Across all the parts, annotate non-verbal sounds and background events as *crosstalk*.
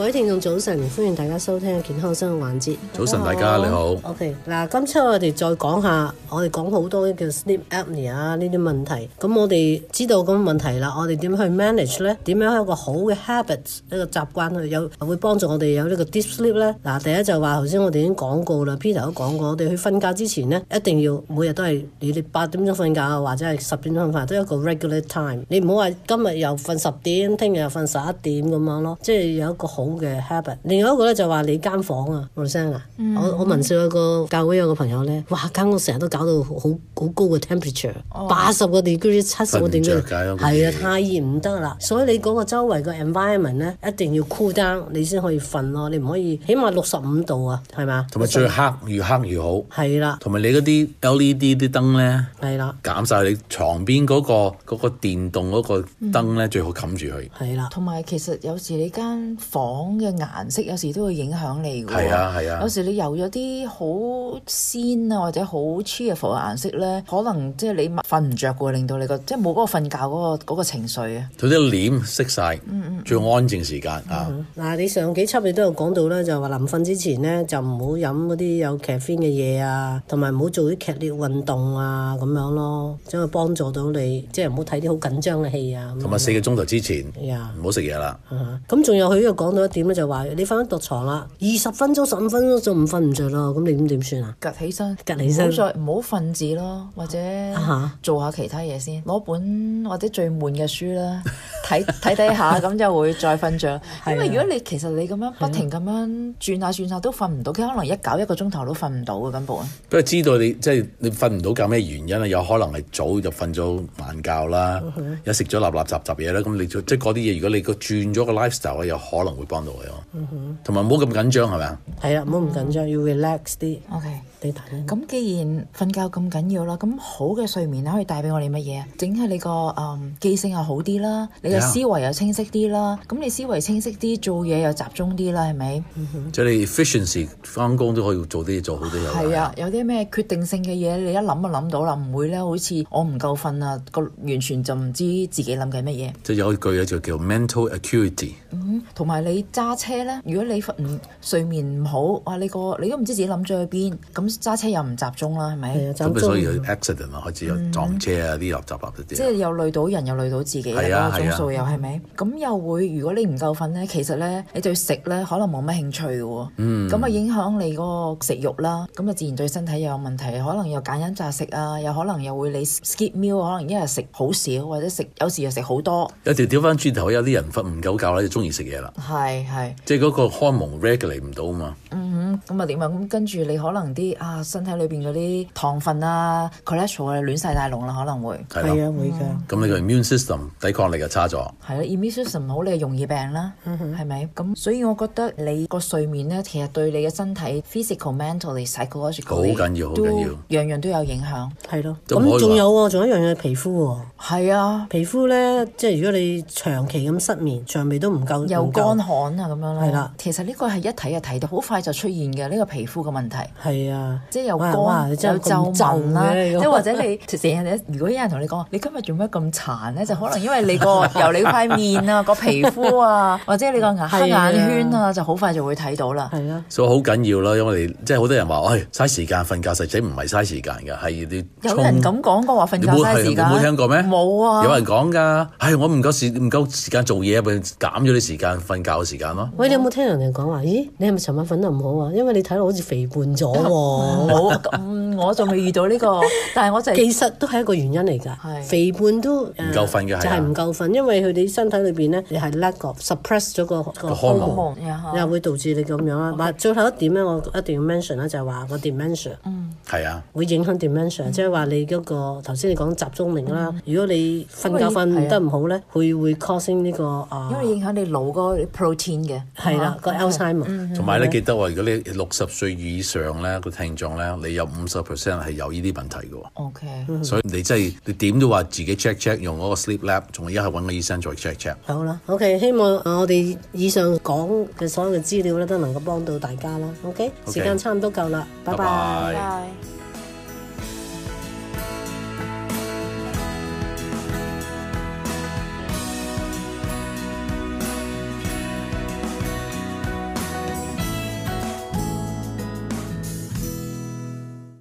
各位聽眾早晨，歡迎大家收聽健康生活環節。早晨，大家好、啊、你好。OK，嗱，今次我哋再講下，我哋講好多嘅 sleep apnea 啊呢啲問題。咁我哋知道咁問題啦，我哋點去 manage 咧？點樣有一個好嘅 habit，一個習慣去有會幫助我哋有呢個 deep sleep 咧？嗱，第一就話頭先我哋已經講過啦，Peter 都講過，我哋去瞓覺之前咧，一定要每日都係你哋八點鐘瞓覺，或者係十點鐘瞓覺，都有個 regular time。你唔好話今日又瞓十點，聽日又瞓十一點咁樣咯，即係有一個好。嘅 habit，另外一個咧就話你間房啊，mm hmm. 我話你啊，我我聞少有一個教會有個朋友咧，哇間屋成日都搞到好好高嘅 temperature，八十、oh. 個 degree，七十個 degree，係啊、那個、太熱唔得啦，所以你嗰個周圍嘅 environment 咧一定要 cool down，你先可以瞓咯，你唔可以，起碼六十五度啊，係嘛？同埋最黑越黑越好，係啦的，同埋你嗰啲 LED 啲燈咧，係啦的，減晒你床邊嗰、那個嗰、那個電動嗰個燈咧，嗯、最好冚住佢，係啦的，同埋其實有時你間房。講嘅顏色有時都會影響你，係啊係啊。啊有時你游咗啲好鮮啊或者好 cheerful 嘅顏色咧，可能即係你瞓唔着嘅，令到你、就是、個即係冇嗰個瞓覺嗰個個情緒啊。佢啲臉熄晒，嗯嗯，最安靜時間啊。嗱，你上幾輯你都有講到咧，就話臨瞓之前咧就唔好飲嗰啲有咖啡因嘅嘢啊，同埋唔好做啲劇烈運動啊咁樣咯，將去幫助到你，即係唔好睇啲好緊張嘅戲啊。同埋四個鐘頭之前，唔好食嘢啦。咁仲、嗯啊、有佢呢又講到。點咧就話你翻咗獨床啦，二十分鐘十五分鐘就唔瞓唔着咯？咁你點點算啊？趌起身，趌起身，好再唔好瞓字咯，或者做下其他嘢先，攞、uh huh，本或者最悶嘅書啦。 *laughs* 睇睇睇下咁就會再瞓着。因為如果你其實你咁樣不停咁樣轉下轉下都瞓唔到，佢可能一搞一個鐘頭都瞓唔到嘅根本。不過知道你即係你瞓唔到，搞咩原因啊？有可能係早就瞓咗晚覺啦，有食咗垃垃雜雜嘢啦。咁你即係嗰啲嘢，如果你轉咗個 lifestyle 有可能會幫到你咯。同埋唔好咁緊張係咪啊？係啊，唔好咁緊張，要 relax 啲。OK，咁既然瞓覺咁緊要啦，咁好嘅睡眠可以帶俾我哋乜嘢啊？整係你個記性又好啲啦，Yeah. 思維又清晰啲啦，咁你思維清晰啲，做嘢又集中啲啦，係咪？即係、mm hmm. 你 efficiency 翻工都可以做啲嘢做好啲。係啊，吧有啲咩決定性嘅嘢，你一諗就諗到啦，唔會咧，好似我唔夠瞓啊，個完全就唔知自己諗緊乜嘢。即係有一句嘢就叫 mental acuity、嗯。同埋你揸車咧，如果你瞓睡眠唔好，哇！你個你都唔知自己諗咗去邊，咁揸車又唔集中啦，係咪？咁、mm hmm. 中所以 accident 啊，開始有撞車啊，啲垃圾垃圾嘅。Hmm. 即係又累到人，又累到自己。係啊，係啊。是啊又係咪？咁、嗯、又會，如果你唔夠瞓咧，其實咧，你對食咧可能冇乜興趣嘅喎。嗯。咁啊，影響你個食慾啦。咁啊，自然對身體又有問題，可能又揀飲擇食啊，又可能又會你 skip meal，可能一日食好少，或者食有時又食好多。有條調翻轉頭，有啲人瞓唔夠覺咧，就中意食嘢啦。係係。即係嗰個荷爾蒙 regular 唔到啊嘛。嗯咁啊點啊？咁跟住你可能啲啊身體裏面嗰啲糖分啊、cholesterol 亂曬大龍啦、啊，可能會係啊會㗎。咁的、嗯、你個 immune system 抵抗力就差咗。係啦，immune system 唔好你係容易病啦，係咪、嗯哼？咁所以我覺得你個睡眠咧，其實對你嘅身體 physical、mental 嚟講，好緊要，好緊要，樣樣都有影響，係咯的。咁仲有喎、啊，仲有一樣嘢皮膚喎。係啊，皮膚咧、啊的，即係如果你長期咁失眠，腸胃都唔夠，有乾 夠，又乾旱啊咁樣啦。係啦，其實呢個係一睇就睇到，好快就出現。呢個皮膚嘅問題係啊，即係有乾又皺紋啦，即係或者你成日如果有人同你講，你今日做咩咁殘咧，就可能因為你個由你塊面啊，個皮膚啊，或者你個黑眼圈啊，就好快就會睇到啦。係啊，所以好緊要啦，因為你即係好多人話，嘥時間瞓覺實際唔係嘥時間㗎，係有人咁講過話瞓覺嘥時間，你冇冇聽過咩？冇啊，有人講㗎，係我唔夠時唔夠時間做嘢，咪減咗啲時間瞓覺嘅時間咯。喂，你有冇聽人哋講話？咦，你係咪尋晚瞓得唔好啊？因為你睇到好似肥胖咗喎。我就未遇到呢個，但係我就其實都係一個原因嚟㗎。肥胖都唔夠瞓㗎，係係唔夠瞓，因為佢哋身體裏邊咧，你係 lack 個 suppress 咗個個荷爾蒙又會導致你咁樣啊。或最後一點咧，我一定要 mention 啦，就係話個 dementia，係啊，會影響 dementia，即係話你嗰個頭先你講集中力啦。如果你瞓覺瞓得唔好咧，會會 causing 呢個因為影響你腦個 protein 嘅，係啦個 Alzheimer 同埋你記得話如果你六十歲以上咧個聽眾咧，你有五十。p 係有呢啲問題嘅，OK，所以你真、就、係、是、你點都話自己 check check，用嗰個 sleep lab，仲係一係揾個醫生再 check check。好啦，OK，希望我哋以上講嘅所有嘅資料咧，都能夠幫到大家啦。OK，, okay. 時間差唔多夠啦，拜拜。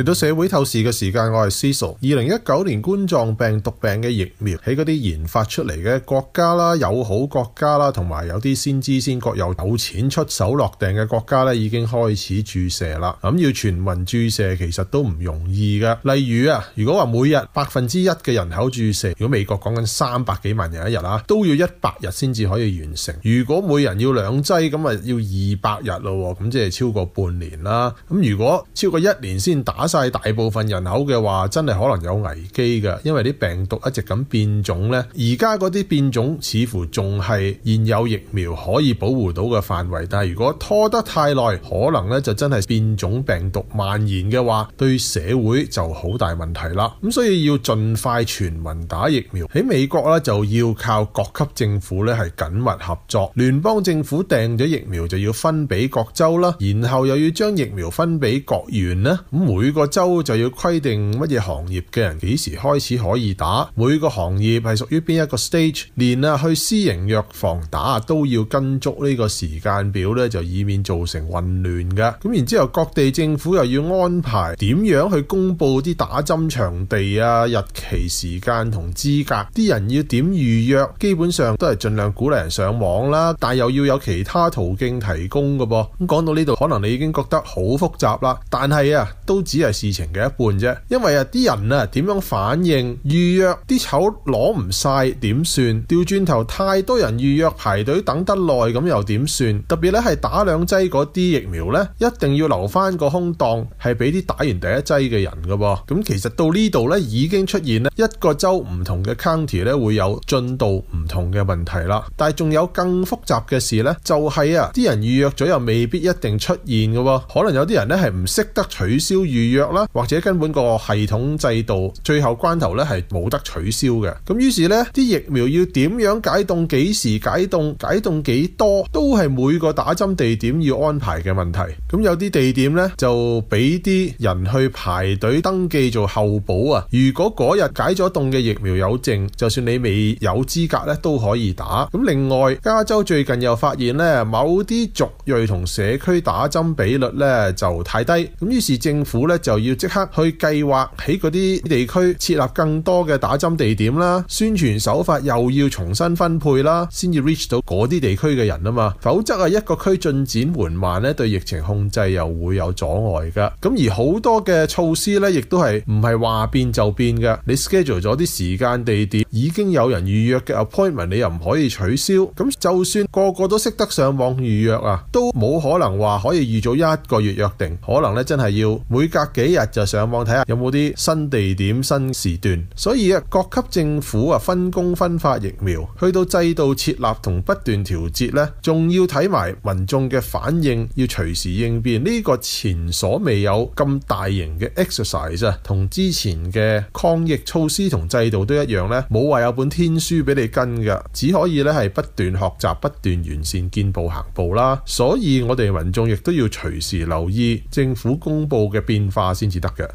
嚟到社會透視嘅時間，我係 Cecil。二零一九年冠狀病毒病嘅疫苗喺嗰啲研發出嚟嘅國家啦、友好國家啦，同埋有啲先知先覺又有，有錢出手落訂嘅國家呢，已經開始注射啦。咁要全民注射其實都唔容易噶。例如啊，如果話每日百分之一嘅人口注射，如果美國講緊三百幾萬人一日啦，都要一百日先至可以完成。如果每人要兩劑咁啊，就要二百日咯，咁即係超過半年啦。咁如果超過一年先打晒大部分人口嘅話，真係可能有危機噶，因為啲病毒一直咁變種呢，而家嗰啲變種似乎仲係現有疫苗可以保護到嘅範圍，但係如果拖得太耐，可能呢就真係變種病毒蔓延嘅話，對社會就好大問題啦。咁所以要盡快全民打疫苗。喺美國呢就要靠各級政府呢係緊密合作，聯邦政府訂咗疫苗就要分俾各州啦，然後又要將疫苗分俾各縣啦，咁每個。個州就要規定乜嘢行業嘅人幾時開始可以打，每個行業係屬於邊一個 stage，連啊去私營藥房打都要跟足呢個時間表咧，就以免造成混亂嘅。咁然之後，各地政府又要安排點樣去公布啲打針場地啊、日期、時間同資格，啲人要點預約，基本上都係盡量鼓勵人上網啦，但又要有其他途徑提供嘅噃。咁講到呢度，可能你已經覺得好複雜啦，但係啊，都只係。事情嘅一半啫，因為啊，啲人啊點樣反應，預約啲籌攞唔晒點算？掉轉頭太多人預約排隊等得耐咁又點算？特別咧係打兩劑嗰啲疫苗咧，一定要留翻個空檔係俾啲打完第一劑嘅人㗎喎。咁、嗯、其實到這裏呢度咧已經出現咧一個州唔同嘅 county 咧會有進度唔同嘅問題啦。但係仲有更複雜嘅事咧，就係、是、啊啲人預約咗又未必一定出現嘅喎，可能有啲人咧係唔識得取消預。約啦，或者根本個系統制度，最後關頭呢係冇得取消嘅。咁於是呢啲疫苗要點樣解凍？幾時解凍？解凍幾多？都係每個打針地點要安排嘅問題。咁有啲地點呢，就俾啲人去排隊登記做候補啊。如果嗰日解咗凍嘅疫苗有剩，就算你未有資格呢都可以打。咁另外，加州最近又發現呢，某啲族裔同社區打針比率呢就太低。咁於是政府呢。就要即刻去計劃喺嗰啲地區設立更多嘅打針地點啦，宣傳手法又要重新分配啦，先至 reach 到嗰啲地區嘅人啊嘛，否則啊一個區進展緩慢咧，對疫情控制又會有阻礙噶。咁而好多嘅措施咧，亦都係唔係話變就變噶，你 schedule 咗啲時間地點已經有人預約嘅 appointment，你又唔可以取消。咁就算個個都識得上網預約啊，都冇可能話可以預早一個月約定，可能咧真係要每隔幾日就上網睇下有冇啲新地點、新時段，所以啊，各級政府啊分工分發疫苗，去到制度設立同不斷調節呢，仲要睇埋民眾嘅反應，要隨時應變。呢個前所未有咁大型嘅 exercise，同之前嘅抗疫措施同制度都一樣呢，冇話有本天書俾你跟噶，只可以咧係不斷學習、不斷完善、見步行步啦。所以我哋民眾亦都要隨時留意政府公布嘅變化。先至得嘅。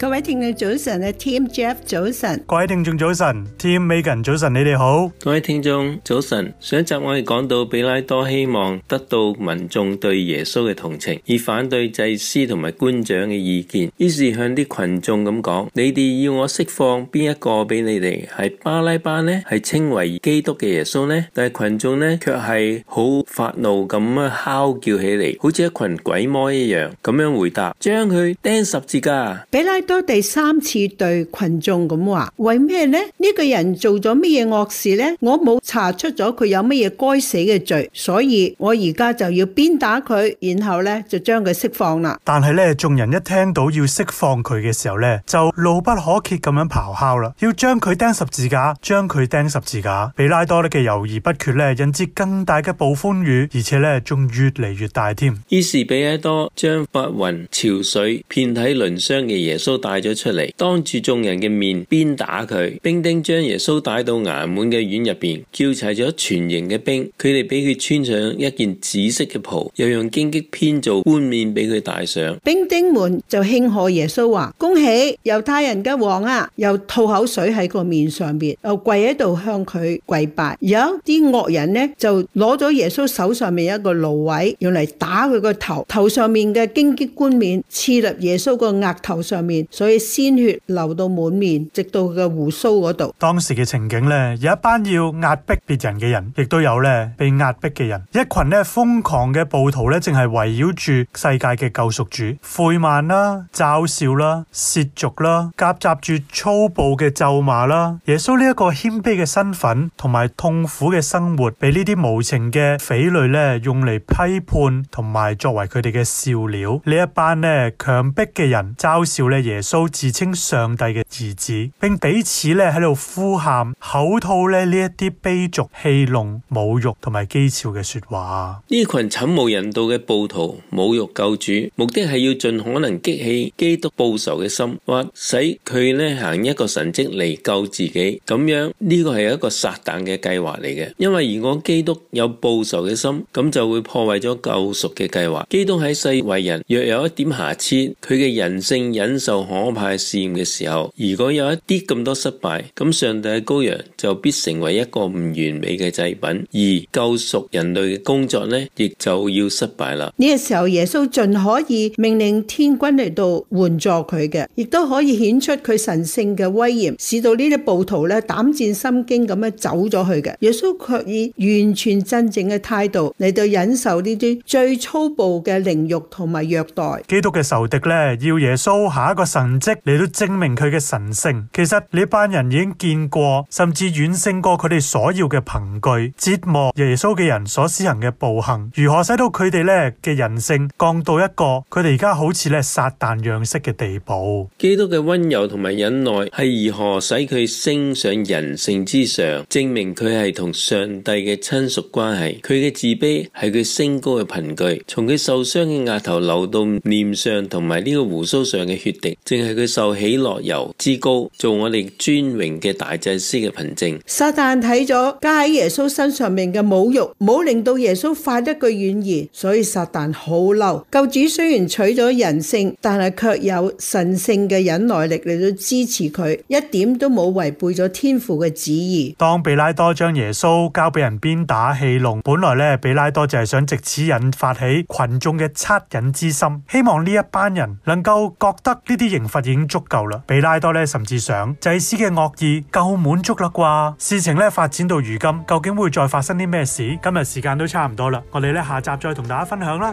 各位聽眾早晨，Tim Jeff，早晨，各位聽眾早晨，Tim Megan 早晨，你哋好，各位聽眾早晨。上一集我哋講到，比拉多希望得到民眾對耶穌嘅同情，以反對祭司同埋官長嘅意見，於是向啲群眾咁講：，你哋要我釋放邊一個俾你哋？係巴拉巴呢？係稱為基督嘅耶穌呢？但係群眾呢，卻係好發怒咁樣，嚎叫起嚟，好似一群鬼魔一樣咁樣回答：，將佢釘十字架，比拉。都第三次對群眾咁話：為咩呢？呢個人做咗乜嘢惡事呢？我冇查出咗佢有乜嘢該死嘅罪，所以我而家就要鞭打佢，然後呢就將佢釋放啦。但係呢，眾人一聽到要釋放佢嘅時候呢，就怒不可遏咁樣咆哮啦，要將佢釘十字架，將佢釘十字架。彼拉多呢嘅猶豫不決呢，引致更大嘅暴風雨，而且呢仲越嚟越大添。於是彼拉多將白雲、潮水、遍體鱗傷嘅耶穌。帶咗出嚟，當住眾人嘅面，鞭打佢。兵丁將耶穌帶到衙門嘅院入邊，叫齊咗全營嘅兵，佢哋俾佢穿上一件紫色嘅袍，又用荊棘編做冠冕俾佢戴上。兵丁們就慶賀耶穌話：恭喜猶太人嘅王啊！又吐口水喺個面上面，又跪喺度向佢跪拜。有啲惡人呢，就攞咗耶穌手上面一個蘆葦，用嚟打佢個頭，頭上面嘅荊棘冠冕刺入耶穌個額頭上面。所以鮮血流到滿面，直到佢嘅鬍鬚嗰度。當時嘅情景呢，有一班要壓迫別人嘅人，亦都有呢被壓迫嘅人。一群呢瘋狂嘅暴徒呢，正係圍繞住世界嘅救贖主，侮慢啦、嘲笑啦、褻瀆啦，夾雜住粗暴嘅咒罵啦。耶穌呢一個謙卑嘅身份同埋痛苦嘅生活，俾呢啲無情嘅匪類呢用嚟批判同埋作為佢哋嘅笑料。一呢一班呢強迫嘅人嘲笑呢。耶耶穌自稱上帝嘅兒子，並彼此咧喺度呼喊、口吐咧呢一啲卑俗、戲弄、侮辱同埋譏誚嘅說話。呢群慘無人道嘅暴徒侮辱救主，目的係要盡可能激起基督報仇嘅心，或使佢咧行一個神迹嚟救自己。咁樣呢個係一個撒旦嘅計劃嚟嘅，因為如果基督有報仇嘅心，咁就會破壞咗救贖嘅計劃。基督喺世為人，若有一點瑕疵，佢嘅人性忍受。可怕試驗嘅時候，如果有一啲咁多失敗，咁上帝嘅羔羊就必成為一個唔完美嘅祭品，而救贖人類嘅工作呢，亦就要失敗啦。呢個時候，耶穌盡可以命令天軍嚟到援助佢嘅，亦都可以顯出佢神聖嘅威嚴，使到呢啲暴徒咧膽戰心驚咁樣走咗去嘅。耶穌卻以完全真正嘅態度嚟到忍受呢啲最粗暴嘅凌辱同埋虐待。基督嘅仇敵呢，要耶穌下一個。神蹟嚟到證明佢嘅神性，其實呢班人已經見過，甚至遠勝過佢哋所要嘅憑據。折磨耶穌嘅人所施行嘅暴行，如何使到佢哋咧嘅人性降到一個佢哋而家好似咧撒旦樣式嘅地步？基督嘅溫柔同埋忍耐係如何使佢升上人性之上，證明佢係同上帝嘅親屬關係？佢嘅自卑係佢升高嘅憑據，從佢受傷嘅額頭流到面上同埋呢個鬍鬚上嘅血滴。正係佢受喜樂油之高，做我哋尊榮嘅大祭司嘅憑證。撒旦睇咗加喺耶穌身上面嘅侮辱，冇令到耶穌發一句怨言，所以撒旦好嬲。救主雖然取咗人性，但係卻有神聖嘅忍耐力嚟到支持佢，一點都冇違背咗天父嘅旨意。當比拉多將耶穌交俾人鞭打戲弄，本來咧比拉多就係想借此引發起群眾嘅惻隱之心，希望呢一班人能夠覺得呢啲。刑罰已經足夠啦，比拉多咧甚至想，祭司嘅惡意夠滿足啦啩？事情咧發展到如今，究竟會再發生啲咩事？今日時間都差唔多啦，我哋咧下集再同大家分享啦。